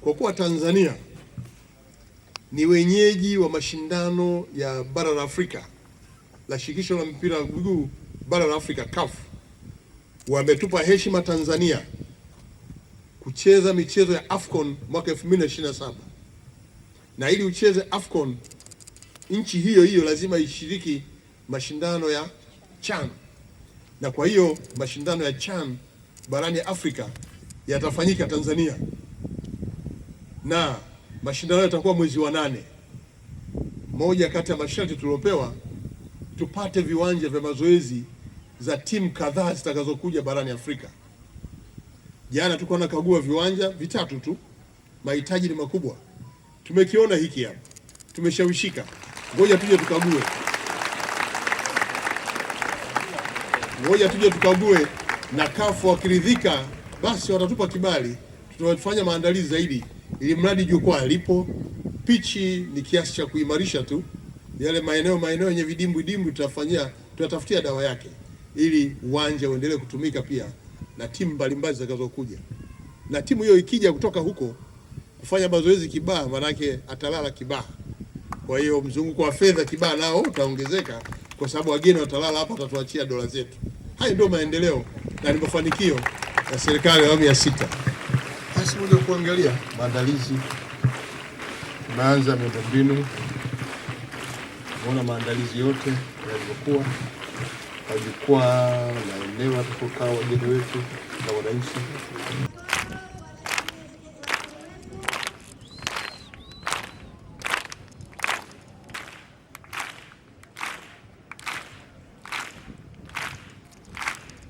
Kwa kuwa Tanzania ni wenyeji wa mashindano ya bara la Afrika la shirikisho la mpira wa miguu bara la Afrika CAF wametupa heshima Tanzania kucheza michezo ya AFCON mwaka 2027 na ili ucheze AFCON nchi hiyo hiyo lazima ishiriki mashindano ya CHAN na kwa hiyo mashindano ya CHAN barani Afrika yatafanyika Tanzania na mashindano yatakuwa mwezi wa nane. Moja kati ya masharti tuliopewa tupate viwanja vya mazoezi za timu kadhaa zitakazokuja barani Afrika. Jana tulikuwa nakagua viwanja vitatu tu, mahitaji ni makubwa. Tumekiona hiki hapa, tumeshawishika, ngoja tuje tukague, ngoja tuje tukague, na kafu wakiridhika, basi watatupa kibali, tutafanya maandalizi zaidi, ili mradi jukwaa lipo, pichi ni kiasi cha kuimarisha tu yale maeneo maeneo yenye vidimbwi dimbwi tutafanyia tutatafutia dawa yake ili uwanja uendelee kutumika pia na timu mbalimbali zitakazokuja, na timu hiyo ikija kutoka huko kufanya mazoezi Kibaha, manake atalala Kibaha. Kwa hiyo mzunguko wa fedha Kibaha nao utaongezeka, kwa sababu wageni watalala hapa, watatuachia dola zetu. Hayo ndio maendeleo na ni mafanikio ya serikali ya awamu ya sita. Basi kuangalia maandalizi, tunaanza miundombinu Umeona maandalizi yote yalivyokuwa majukwaa, maeneo atakaokaa wageni wetu na wananchi.